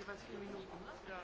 jeweils vier Minuten. Ne? Ja.